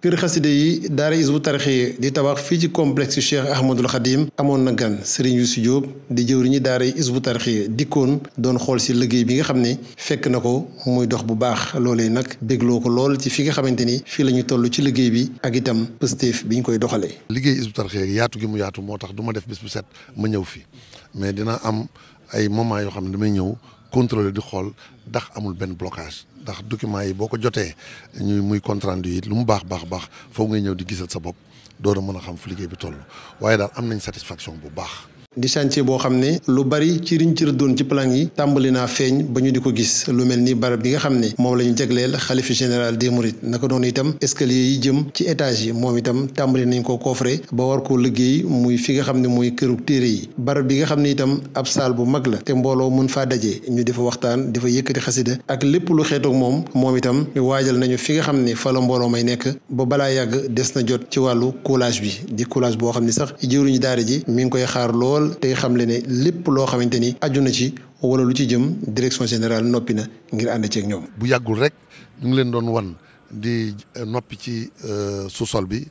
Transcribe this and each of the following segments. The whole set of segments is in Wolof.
kër xaside yi daara isbu tarixi di tabax fii ci complexe Cheikh Ahmadul Xadim amoon na gan Serigne Youssou Diop di jëwriñu daara isbu tarixi dikkoon doon xool si liggéey bi nga xam ne fekk na ko muy dox bu baax loolee nag dégloo ko lool ci fi nga xamante ni fii la ñu toll ci liggéey bi ak itam pësteef bi ñu koy doxalee. liggéey isbu tarixi yaatu gi mu yaatu moo tax duma def bis bu set ma ñëw fii mais dina am ay moment yoo xam ne damay ñëw. contrôler di xool ndax amul benn blocage ndax documents yi boo ko jotee ñuy muy compte rendu lu mu baax baax baax foofu nga ñëw di gisal sa bopp doo a mën a xam fu liggéey bi toll waaye daal am nañ satisfaction bu baax. di chantier boo xam ne lu bari ci riñ ci rëddoon ci plan yi tàmbali naa feeñ ba ñu di ko gis lu mel ni barab bi nga xam ne moom la ñu jagleel xalifa général des mourides naka noonu itam escalier yi jëm ci étage yi moom itam tàmbali nañ ko coffrer ba war koo liggéey muy fi nga xam ne mooy këru téere yi barab bi nga xam ne itam ab saal bu mag la te mbooloo mën faa daje ñu di fa waxtaan di fa yëkkati xasida ak lépp lu xeetoog moom moom itam waajal nañu fi nga xam ne fa mbooloo may nekk ba balaa yàgg des na jot ci wàllu coulage bi di coulage boo xam ne sax jëwriñu daara ji mi ngi koy xaar lool tey xamle ne lépp loo xamante ni aju na ci wala lu ci jëm direction générale noppi na ngir ànd ceeg ñoom. bu yàggul rek ñu ngi leen doon wan di euh, noppi ci euh, su sol bi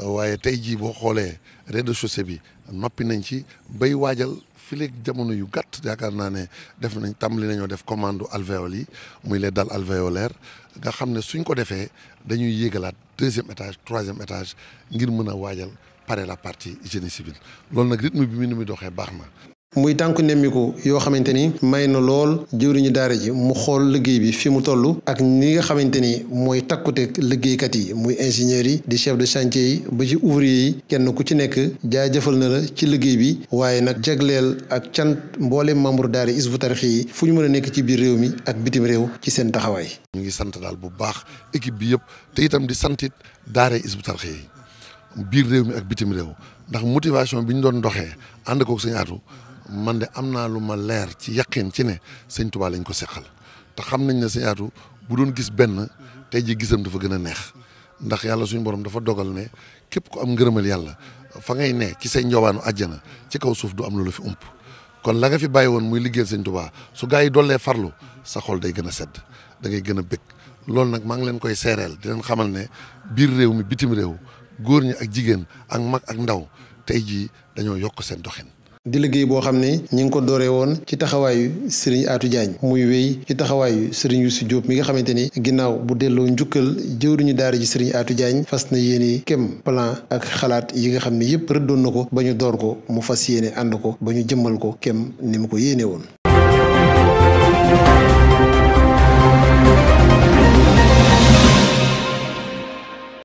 euh, waaye tey jii boo xoolee rez-de-chaussée bi noppi nañ ci bay waajal. fi jamono yu gàtt yaakaar naa ne def nañ tàmbali nañoo def commande alvéole yi muy leen dal alvéolaires nga xam ne suñ ko defee dañuy yéegalaat deuxième étage troisième étage ngir mën a waajal pare la partie génie civil loolu nag rythme bi mu ni muy doxee baax na. muy tànku nemmiku yoo xamante ni may na lool jëwriñu daara ji mu xool liggéey bi fi mu toll ak ni nga xamante ni mooy takkute liggéeykat yi muy ingénieurs yi di chef de chantier yi ba ci ouvrier yi kenn ku ci nekk jaajëfal na la ci liggéey bi waaye nag jagleel ak cant mboolem membre daara Hizbut Tarqiyyah yi fu ñu mën a nekk ci biir réew mi ak bitim réew ci seen taxawaay. ñu ngi sant daal bu baax équipe bi yëpp itam di santit daara Hizbut Tarqiyyah yi biir réew mi ak bitim réew ndax motivation bi ñu doon doxee ànd koog sëñ man de am naa lu ma leer ci yaqin ci ne sëñ Touba lañ ko seqal te xam nañ ne sëñ Atou bu doon gis benn tey ji gisam dafa gën a neex ndax yàlla suñu borom dafa dogal ne képp ku am ngërëmal yàlla fa ngay ne ci say njowaanu àjjana ci kaw suuf du am lu la fi ump kon la nga fi bàyyi woon muy liggéeyal sëñ Touba su gaa yi dollee farlu sa xol day gën a sedd da ngay gën a bëgg loolu nag maa ngi leen koy seereel di leen xamal ne biir mi bitim réew góor ñi ak jigéen ak mag ak ndaw tey jii dañoo yokk seen doxin. di liggéey boo xam ne ñi ngi ko dooree woon ci taxawaayu Serigne atu Diagne muy wéy ci taxawaayu Serigne Youssou Diop mi nga xamante ni ginnaaw bu delloo njukkal jëwriñu daar ji sëriñ atu Diagne fas na yéene kem plan ak xalaat yi nga xam ne yëpp rëddoon na ko ba ñu door ko mu fas yéene ànd ko ba ñu jëmmal ko kem ni mu ko yéene woon.